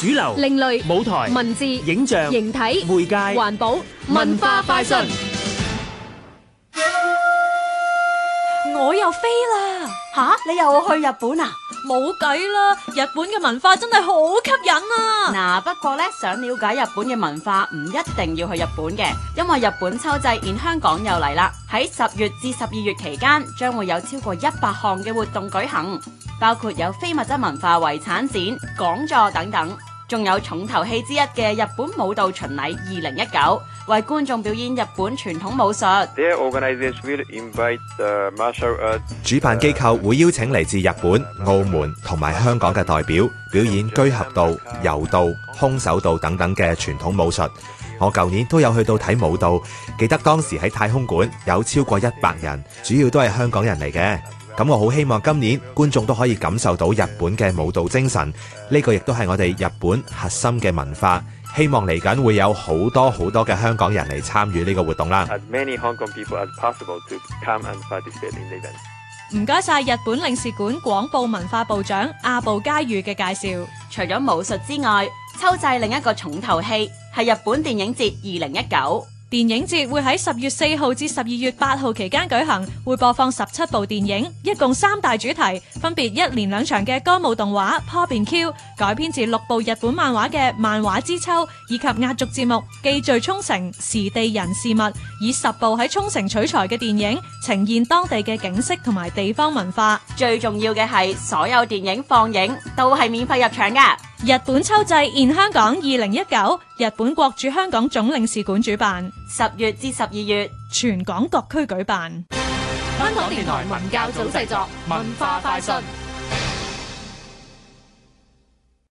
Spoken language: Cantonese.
主流、另類舞台、文字、影像、形體、媒介、環保、文化快訊。我又飛啦！吓，你又去日本啊？冇計啦，日本嘅文化真係好吸引啊！嗱，不過呢，想了解日本嘅文化唔一定要去日本嘅，因為日本秋祭現香港又嚟啦。喺十月至十二月期間，將會有超過一百項嘅活動舉行，包括有非物質文化遺產展、講座等等。仲有重頭戲之一嘅日本舞蹈巡禮二零一九，為觀眾表演日本傳統武術。主辦機構會邀請嚟自日本、澳門同埋香港嘅代表，表演居合道、柔道、空手道等等嘅傳統武術。我舊年都有去到睇舞蹈，記得當時喺太空館有超過一百人，主要都係香港人嚟嘅。咁我好希望今年觀眾都可以感受到日本嘅舞蹈精神，呢個亦都係我哋日本核心嘅文化。希望嚟緊會有好多好多嘅香港人嚟參與呢個活動啦。唔該晒日本領事館廣報文化部長阿部佳裕嘅介紹。除咗武術之外，秋祭另一個重頭戲係日本電影節二零一九。電影節會喺十月四號至十二月八號期間舉行，會播放十七部電影，一共三大主題，分別一連兩場嘅歌舞動畫《PompiQ》，改編自六部日本漫畫嘅《漫畫之秋》，以及壓軸節目《記敘沖繩時地人事物》，以十部喺沖繩取材嘅電影呈現當地嘅景色同埋地方文化。最重要嘅係，所有電影放映都係免費入場噶。日本秋祭 in 香港，二零一九日本國駐香港總領事館主辦，十月至十二月全港各區舉辦。香港電台文教組製作文化快訊。